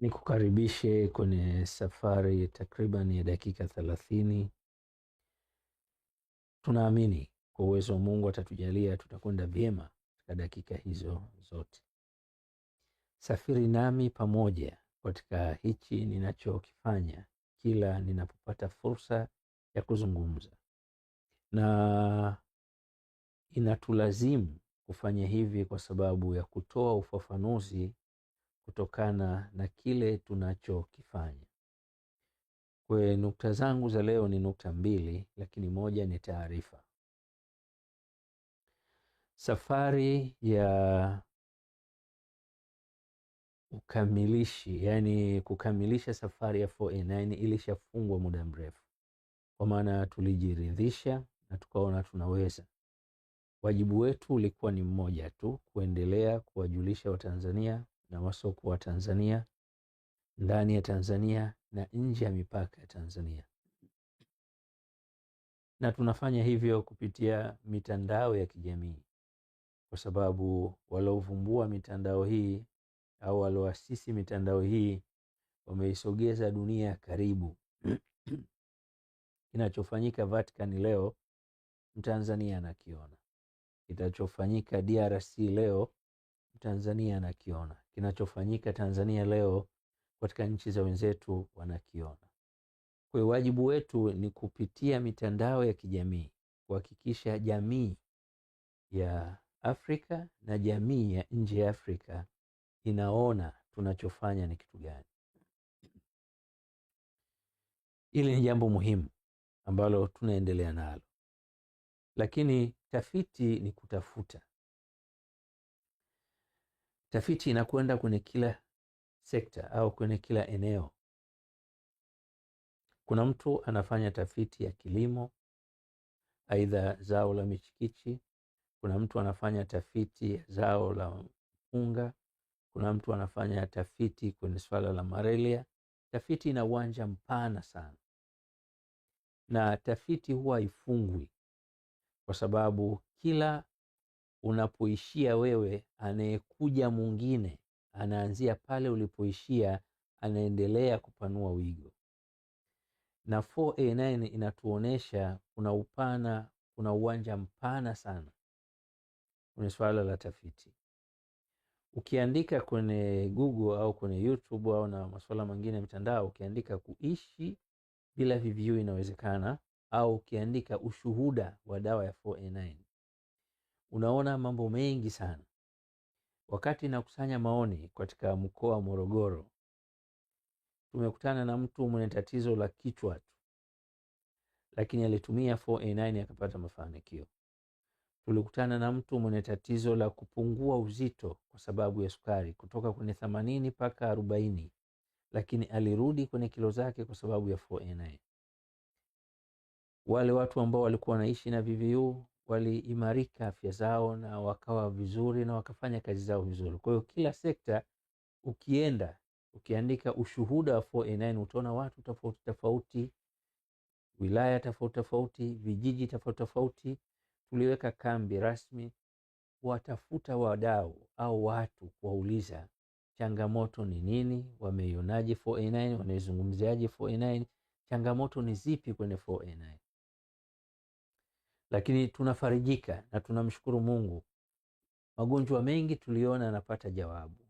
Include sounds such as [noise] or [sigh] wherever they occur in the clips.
Nikukaribishe kwenye safari takriban ya dakika thelathini. Tunaamini kwa uwezo wa Mungu atatujalia tutakwenda vyema katika dakika hizo zote. Safiri nami pamoja katika hichi ninachokifanya kila ninapopata fursa ya kuzungumza, na inatulazimu kufanya hivi kwa sababu ya kutoa ufafanuzi kutokana na kile tunachokifanya. Kwa nukta zangu za leo ni nukta mbili, lakini moja ni taarifa. Safari ya ukamilishi, yani kukamilisha safari ya 4A9 ilishafungwa muda mrefu, kwa maana tulijiridhisha na tukaona tunaweza. Wajibu wetu ulikuwa ni mmoja tu, kuendelea kuwajulisha Watanzania na masoko wa Tanzania, ndani ya Tanzania na nje ya mipaka ya Tanzania, na tunafanya hivyo kupitia mitandao ya kijamii, kwa sababu waliovumbua mitandao hii au walioasisi mitandao hii wameisogeza dunia karibu. [clears throat] Kinachofanyika Vatican leo Mtanzania anakiona, kitachofanyika DRC leo Mtanzania anakiona, kinachofanyika Tanzania leo katika nchi za wenzetu wanakiona. Kwa hiyo wajibu wetu ni kupitia mitandao ya kijamii kuhakikisha jamii ya Afrika na jamii ya nje ya Afrika inaona tunachofanya ni kitu gani. Hili ni jambo muhimu ambalo tunaendelea nalo, lakini tafiti ni kutafuta Tafiti inakwenda kwenye kila sekta au kwenye kila eneo. Kuna mtu anafanya tafiti ya kilimo, aidha zao la michikichi. Kuna mtu anafanya tafiti ya zao la mpunga. Kuna mtu anafanya tafiti kwenye swala la malaria. Tafiti ina uwanja mpana sana, na tafiti huwa haifungwi kwa sababu kila unapoishia wewe, anayekuja mwingine anaanzia pale ulipoishia, anaendelea kupanua wigo. Na 4A9 inatuonesha kuna upana, kuna uwanja mpana sana kwenye swala la tafiti. Ukiandika kwenye Google au kwenye YouTube au na masuala mengine ya mitandao, ukiandika kuishi bila VVU inawezekana, au ukiandika ushuhuda wa dawa ya 4A9 Unaona mambo mengi sana. Wakati nakusanya maoni katika mkoa wa Morogoro, tumekutana na mtu mwenye tatizo la kichwa tu, lakini alitumia 4A9 akapata mafanikio. Tulikutana na mtu mwenye tatizo la kupungua uzito kwa sababu ya sukari kutoka kwenye 80 mpaka arobaini lakini alirudi kwenye kilo zake kwa sababu ya 4A9. Wale watu ambao walikuwa wanaishi na VVU waliimarika afya zao na wakawa vizuri na wakafanya kazi zao vizuri. Kwa hiyo kila sekta ukienda ukiandika ushuhuda wa 4A9 utaona watu tofauti tofauti, wilaya tofauti tofauti, vijiji tofauti tofauti. Tuliweka kambi rasmi watafuta wadau au watu kuwauliza changamoto ni nini, wameionaje 4A9, wanaizungumziaje 4A9, changamoto ni zipi kwenye 4A9 lakini tunafarijika na tunamshukuru Mungu. Magonjwa mengi tuliona yanapata jawabu.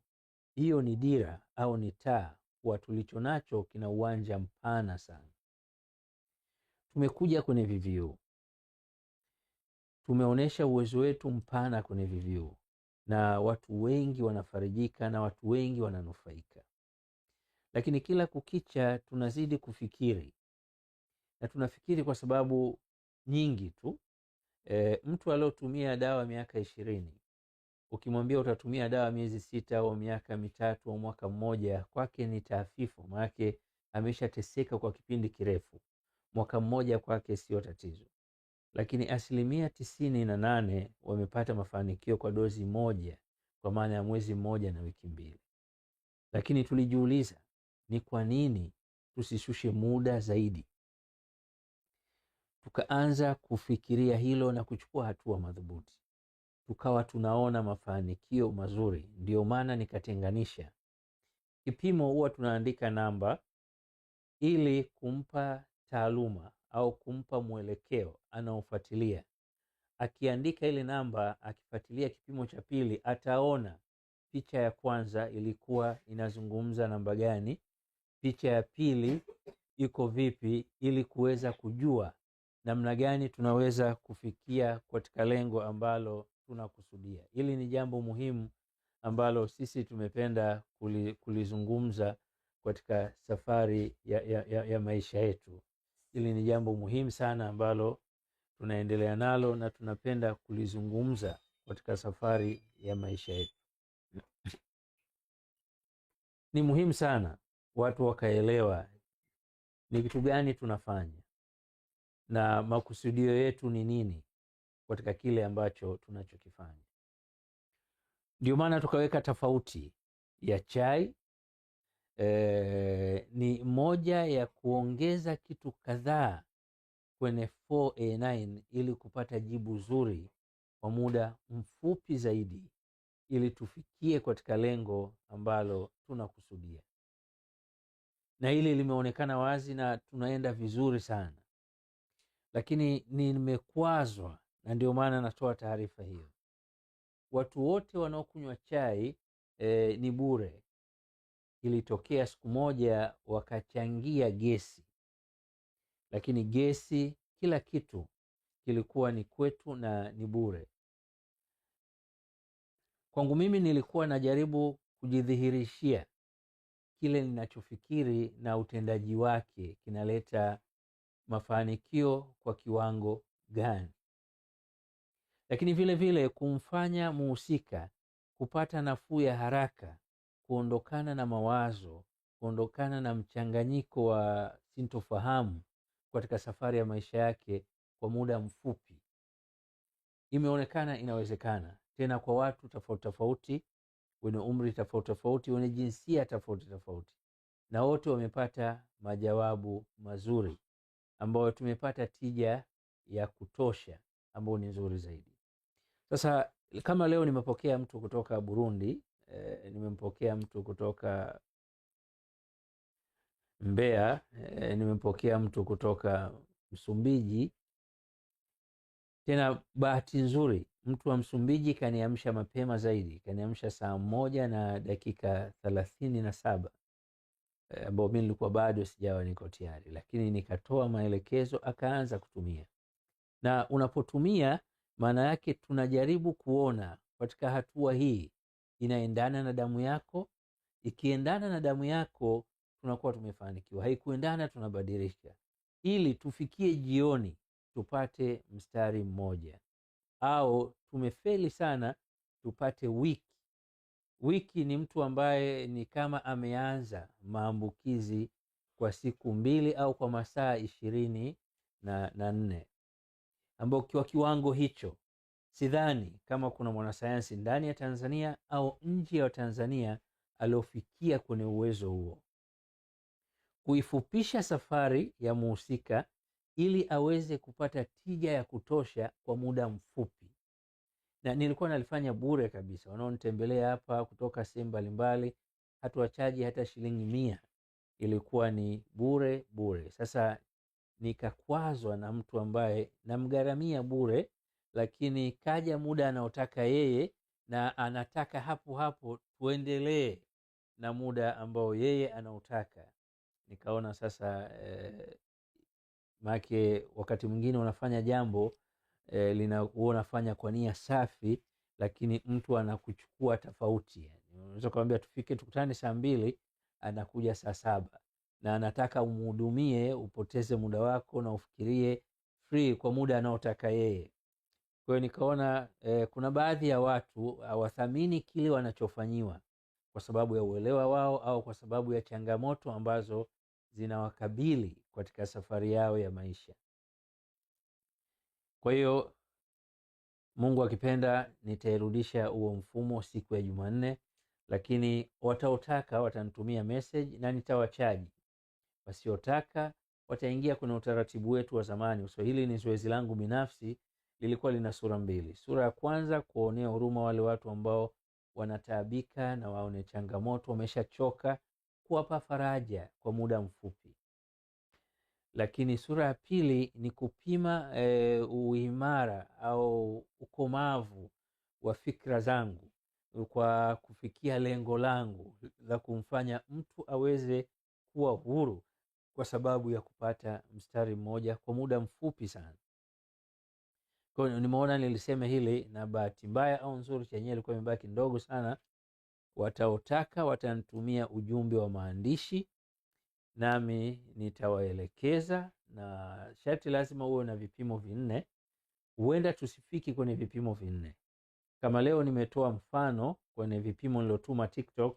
Hiyo ni dira au ni taa kuwa tulicho nacho kina uwanja mpana sana. Tumekuja kwenye VVU, tumeonyesha uwezo wetu mpana kwenye VVU na watu wengi wanafarijika na watu wengi wananufaika, lakini kila kukicha tunazidi kufikiri na tunafikiri kwa sababu nyingi tu e, mtu aliotumia dawa miaka ishirini ukimwambia utatumia dawa miezi sita au miaka mitatu au mwaka mmoja, kwake ni taafifu, maanake ameshateseka kwa kipindi kirefu. Mwaka mmoja kwake sio tatizo, lakini asilimia tisini na nane wamepata mafanikio kwa dozi moja, kwa maana ya mwezi mmoja na wiki mbili. Lakini tulijiuliza ni kwa nini tusishushe muda zaidi? tukaanza kufikiria hilo na kuchukua hatua madhubuti, tukawa tunaona mafanikio mazuri. Ndio maana nikatenganisha kipimo, huwa tunaandika namba ili kumpa taaluma au kumpa mwelekeo anaofuatilia. Akiandika ile namba, akifuatilia kipimo cha pili, ataona picha ya kwanza ilikuwa inazungumza namba gani, picha ya pili iko vipi, ili kuweza kujua namna gani tunaweza kufikia katika lengo ambalo tunakusudia. Hili ni jambo muhimu ambalo sisi tumependa kulizungumza katika safari ya, ya, ya, ya maisha yetu. Hili ni jambo muhimu sana ambalo tunaendelea nalo na tunapenda kulizungumza katika safari ya maisha yetu. Ni muhimu sana watu wakaelewa ni kitu gani tunafanya, na makusudio yetu ni nini katika kile ambacho tunachokifanya. Ndio maana tukaweka tofauti ya chai e, ni moja ya kuongeza kitu kadhaa kwenye 4A9 ili kupata jibu zuri kwa muda mfupi zaidi ili tufikie katika lengo ambalo tunakusudia, na hili limeonekana wazi na tunaenda vizuri sana lakini nimekwazwa, na ndio maana natoa taarifa hiyo. Watu wote wanaokunywa chai e, ni bure. Ilitokea siku moja wakachangia gesi, lakini gesi, kila kitu kilikuwa ni kwetu na ni bure. Kwangu mimi nilikuwa najaribu kujidhihirishia kile ninachofikiri na utendaji wake kinaleta mafanikio kwa kiwango gani, lakini vile vile kumfanya muhusika kupata nafuu ya haraka, kuondokana na mawazo, kuondokana na mchanganyiko wa sintofahamu katika safari ya maisha yake kwa muda mfupi. Imeonekana inawezekana tena kwa watu tofauti tofauti, wenye umri tofauti tofauti, wenye jinsia tofauti tofauti, na wote wamepata majawabu mazuri ambayo tumepata tija ya kutosha ambayo ni nzuri zaidi. Sasa kama leo nimepokea mtu kutoka Burundi e, nimempokea mtu kutoka Mbeya e, nimempokea mtu kutoka Msumbiji. Tena bahati nzuri mtu wa Msumbiji kaniamsha mapema zaidi, kaniamsha saa moja na dakika thelathini na saba Eh, ambao mimi nilikuwa bado sijawa niko tayari, lakini nikatoa maelekezo akaanza kutumia. Na unapotumia maana yake tunajaribu kuona katika hatua hii inaendana na damu yako. Ikiendana na damu yako tunakuwa tumefanikiwa, haikuendana tunabadilisha, ili tufikie jioni tupate mstari mmoja, au tumefeli sana tupate week wiki ni mtu ambaye ni kama ameanza maambukizi kwa siku mbili au kwa masaa ishirini na, na nne ambao kwa kiwango hicho sidhani kama kuna mwanasayansi ndani ya Tanzania au nje ya Tanzania aliofikia kwenye uwezo huo. Kuifupisha safari ya muhusika ili aweze kupata tija ya kutosha kwa muda mfupi na nilikuwa nalifanya bure kabisa. Wanaonitembelea hapa kutoka sehemu mbalimbali, hatuwachaji hata shilingi mia, ilikuwa ni bure bure. Sasa nikakwazwa na mtu ambaye namgharamia bure, lakini kaja muda anaotaka yeye na anataka hapo hapo tuendelee na muda ambao yeye anaotaka. Nikaona sasa eh, make wakati mwingine unafanya jambo eh, lina unafanya kwa nia safi, lakini mtu anakuchukua tofauti. Unaweza kumwambia tufike tukutane saa mbili, anakuja saa saba na anataka umhudumie, upoteze muda wako na ufikirie free kwa muda anaotaka yeye. Kwa hiyo nikaona eh, kuna baadhi ya watu hawathamini kile wanachofanyiwa kwa sababu ya uelewa wao au kwa sababu ya changamoto ambazo zinawakabili katika safari yao ya maisha. Kwa hiyo Mungu akipenda nitairudisha huo mfumo siku ya Jumanne, lakini wataotaka watanitumia message na nitawachaji. Wasiotaka wataingia kwenye utaratibu wetu wa zamani. So hili ni zoezi langu binafsi, lilikuwa lina sura mbili. Sura ya kwanza kuwaonea huruma wale watu ambao wanataabika na waone changamoto, wameshachoka, kuwapa faraja kwa muda mfupi. Lakini sura ya pili ni kupima e, uimara au ukomavu wa fikra zangu kwa kufikia lengo langu la kumfanya mtu aweze kuwa huru kwa sababu ya kupata mstari mmoja kwa muda mfupi sana. Kwa hiyo nimeona niliseme hili, na bahati mbaya au nzuri, chenyewe ilikuwa imebaki ndogo sana. Wataotaka watanitumia ujumbe wa maandishi nami nitawaelekeza, na sharti lazima uwe na vipimo vinne. Huenda tusifiki kwenye vipimo vinne. Kama leo nimetoa mfano kwenye vipimo nilotuma TikTok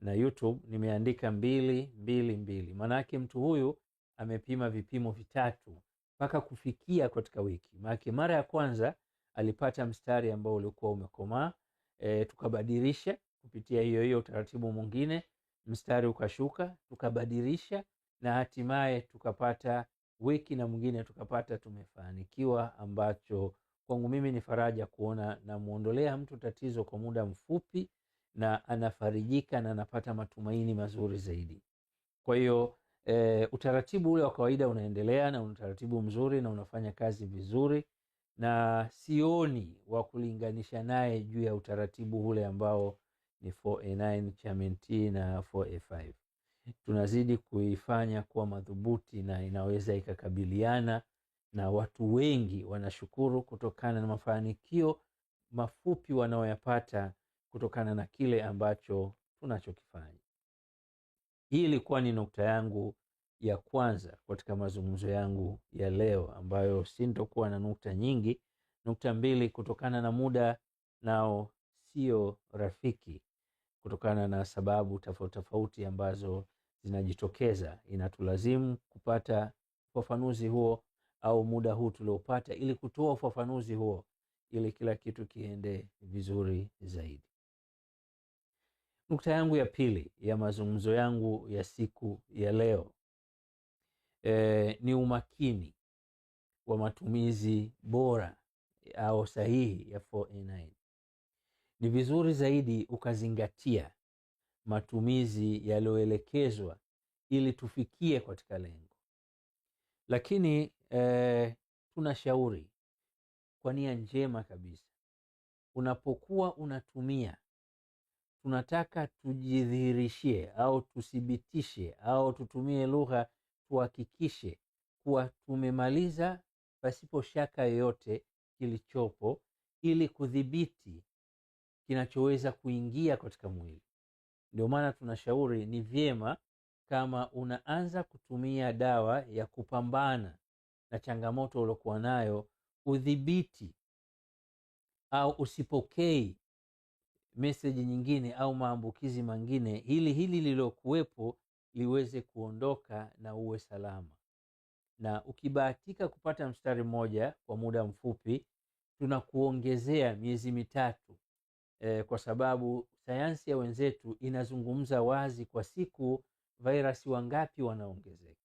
na YouTube, nimeandika mbili mbili mbili, maanake mtu huyu amepima vipimo vitatu mpaka kufikia katika wiki. Maanake mara ya kwanza alipata mstari ambao ulikuwa umekomaa, e, eh, tukabadilisha kupitia hiyo hiyo utaratibu mwingine mstari ukashuka, tukabadilisha na hatimaye tukapata wiki na mwingine tukapata tumefanikiwa, ambacho kwangu mimi ni faraja kuona namwondolea mtu tatizo kwa muda mfupi na anafarijika na anapata matumaini mazuri zaidi. Kwa hiyo e, utaratibu ule wa kawaida unaendelea na utaratibu mzuri na unafanya kazi vizuri, na sioni wa kulinganisha naye juu ya utaratibu ule ambao ni 4A9 T na 4A5. Tunazidi kuifanya kuwa madhubuti na inaweza ikakabiliana na watu wengi wanashukuru kutokana na mafanikio mafupi wanaoyapata kutokana na kile ambacho tunachokifanya. Hii ilikuwa ni nukta yangu ya kwanza katika mazungumzo yangu ya leo, ambayo sintokuwa na nukta nyingi, nukta mbili kutokana na muda nao sio rafiki kutokana na sababu tofauti tofauti ambazo zinajitokeza, inatulazimu kupata ufafanuzi huo au muda huu tuliopata, ili kutoa ufafanuzi huo ili kila kitu kiende vizuri zaidi. Nukta yangu ya pili ya mazungumzo yangu ya siku ya leo e, ni umakini wa matumizi bora au sahihi ya 4A9 ni vizuri zaidi ukazingatia matumizi yaliyoelekezwa ili tufikie katika lengo. Lakini eh, tunashauri kwa nia njema kabisa, unapokuwa unatumia, tunataka tujidhihirishie au tuthibitishe au tutumie lugha, tuhakikishe kuwa tumemaliza pasipo shaka yoyote kilichopo, ili kudhibiti kinachoweza kuingia katika mwili. Ndio maana tunashauri ni vyema kama unaanza kutumia dawa ya kupambana na changamoto uliokuwa nayo, udhibiti au usipokei meseji nyingine au maambukizi mengine, hili hili lililokuwepo liweze kuondoka na uwe salama. Na ukibahatika kupata mstari mmoja kwa muda mfupi, tunakuongezea miezi mitatu e, kwa sababu sayansi ya wenzetu inazungumza wazi, kwa siku vairasi wangapi wanaongezeka.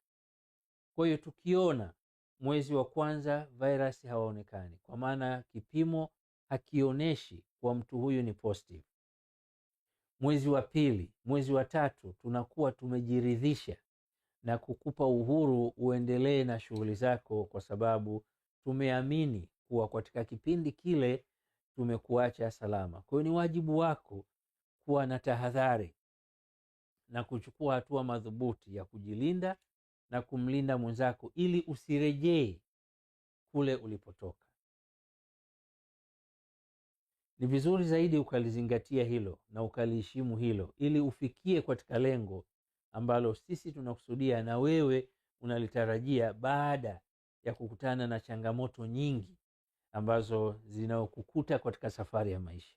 Kwa hiyo tukiona mwezi wa kwanza vairasi hawaonekani, kwa maana kipimo hakionyeshi kwa mtu huyu ni positive. Mwezi wa pili, mwezi wa tatu, tunakuwa tumejiridhisha na kukupa uhuru uendelee na shughuli zako, kwa sababu tumeamini kuwa katika kipindi kile tumekuacha salama. Kwa hiyo ni wajibu wako kuwa na tahadhari na kuchukua hatua madhubuti ya kujilinda na kumlinda mwenzako ili usirejee kule ulipotoka. Ni vizuri zaidi ukalizingatia hilo na ukaliheshimu hilo, ili ufikie katika lengo ambalo sisi tunakusudia na wewe unalitarajia baada ya kukutana na changamoto nyingi ambazo zinaokukuta katika safari ya maisha.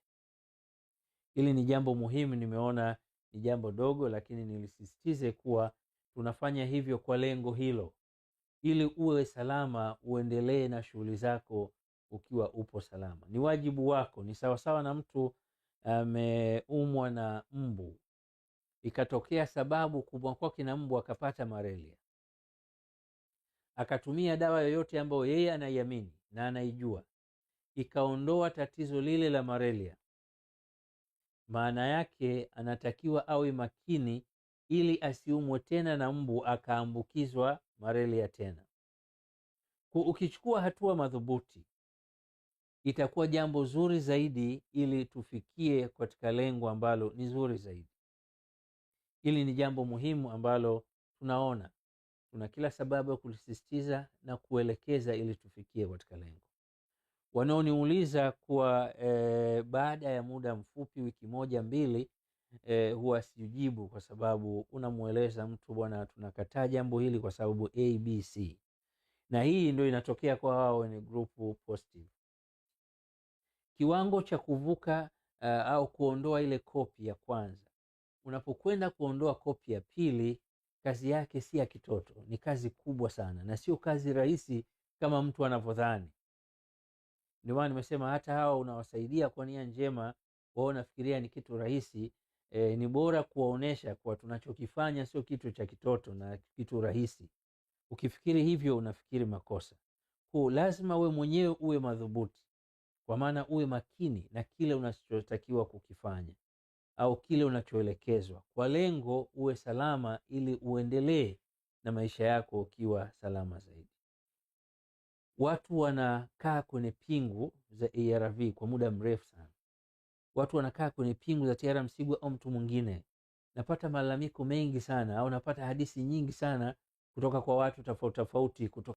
Hili ni jambo muhimu, nimeona ni jambo dogo, lakini nilisisitize kuwa tunafanya hivyo kwa lengo hilo, ili uwe salama, uendelee na shughuli zako ukiwa upo salama. Ni wajibu wako. Ni sawasawa na mtu ameumwa na mbu, ikatokea sababu kubwa kwake na mbu akapata malaria, akatumia dawa yoyote ambayo yeye anaiamini na anaijua, ikaondoa tatizo lile la malaria. Maana yake anatakiwa awe makini ili asiumwe tena na mbu akaambukizwa malaria tena. Kwa ukichukua hatua madhubuti, itakuwa jambo zuri zaidi, ili tufikie katika lengo ambalo ni zuri zaidi. Hili ni jambo muhimu ambalo tunaona kuna kila sababu ya kulisisitiza na kuelekeza ili tufikie katika lengo. Wanaoniuliza kuwa e, baada ya muda mfupi wiki moja mbili e, huwa sijibu kwa sababu unamweleza mtu bwana, tunakataa jambo hili kwa sababu abc, na hii ndio inatokea kwa wao wenye grupu positive. Kiwango cha kuvuka uh, au kuondoa ile kopi ya kwanza, unapokwenda kuondoa kopi ya pili kazi yake si ya kitoto, ni kazi kubwa sana na sio kazi rahisi kama mtu anavyodhani. Ndio maana nimesema hata hawa unawasaidia kwa nia njema, wao nafikiria ni kitu rahisi. E, ni bora kuwaonesha kuwa tunachokifanya sio kitu cha kitoto na kitu rahisi. Ukifikiri hivyo unafikiri makosa. Kwa lazima we mwenyewe uwe madhubuti, kwa maana uwe makini na kile unachotakiwa kukifanya au kile unachoelekezwa, kwa lengo uwe salama, ili uendelee na maisha yako ukiwa salama zaidi. Watu wanakaa kwenye pingu za ARV kwa muda mrefu sana. Watu wanakaa kwenye pingu za T.R. Msigwa au mtu mwingine. Napata malalamiko mengi sana au napata hadithi nyingi sana kutoka kwa watu tofauti tofauti kutoka